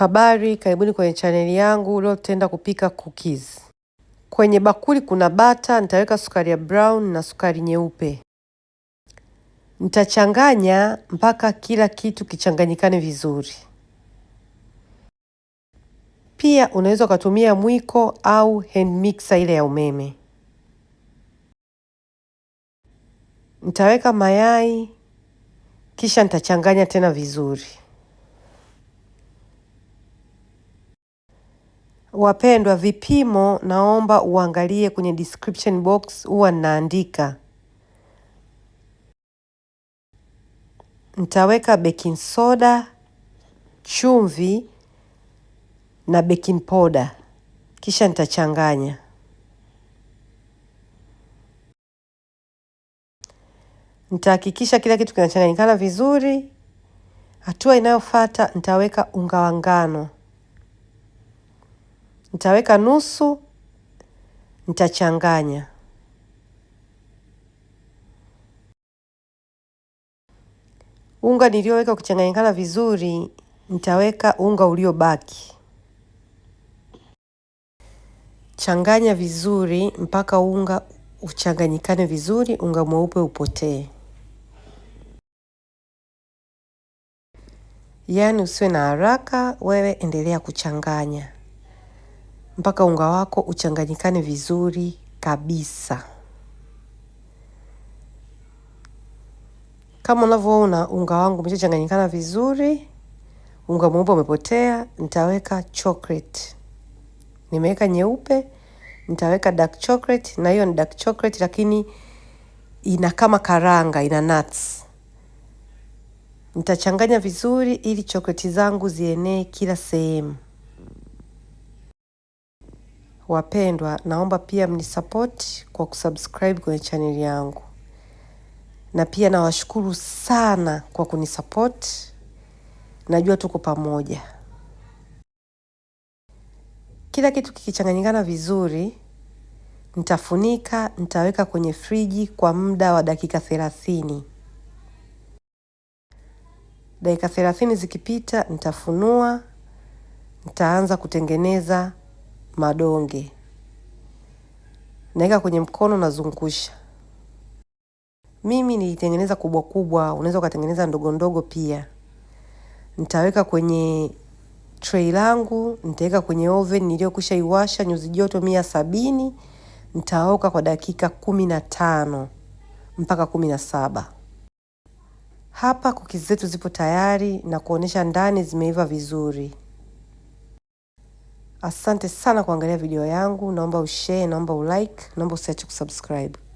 Habari, karibuni kwenye chaneli yangu. Leo tutaenda kupika cookies. Kwenye bakuli kuna bata, nitaweka sukari ya brown na sukari nyeupe. Nitachanganya mpaka kila kitu kichanganyikane vizuri. Pia unaweza ukatumia mwiko au hand mixer ile ya umeme. Nitaweka mayai kisha nitachanganya tena vizuri. Wapendwa, vipimo naomba uangalie kwenye description box, huwa naandika. Nitaweka baking soda, chumvi na baking powder, kisha nitachanganya. Nitahakikisha kila kitu kinachanganyikana vizuri. Hatua inayofuata nitaweka unga wa ngano nitaweka nusu, nitachanganya. Unga niliyoweka kuchanganyikana vizuri, nitaweka unga uliobaki. Changanya vizuri mpaka unga uchanganyikane vizuri, unga mweupe upotee, yaani usiwe na haraka. Wewe endelea kuchanganya mpaka unga wako uchanganyikane vizuri kabisa. Kama unavyoona unga wangu umeshachanganyikana vizuri, unga mweupe umepotea. Nitaweka chocolate, nimeweka nyeupe, nitaweka dark chocolate, na hiyo ni dark chocolate lakini ina kama karanga, ina nuts. Nitachanganya vizuri ili chocolate zangu zienee kila sehemu. Wapendwa, naomba pia mnisapoti kwa kusubscribe kwenye chaneli yangu, na pia nawashukuru sana kwa kunisapoti. Najua tuko pamoja. Kila kitu kikichanganyikana vizuri, nitafunika, nitaweka kwenye friji kwa muda wa dakika thelathini. Dakika thelathini zikipita, nitafunua, nitaanza kutengeneza madonge, naweka kwenye mkono, nazungusha. Mimi nilitengeneza kubwa kubwa, unaweza ukatengeneza ndogo ndogo pia. Nitaweka kwenye trei langu, nitaweka kwenye oven niliyokwisha iwasha nyuzi joto mia sabini. Nitaoka kwa dakika kumi na tano mpaka kumi na saba. Hapa kuki zetu zipo tayari na kuonesha ndani zimeiva vizuri. Asante sana kuangalia video yangu, naomba ushare, naomba ulike, naomba usiache kusubscribe.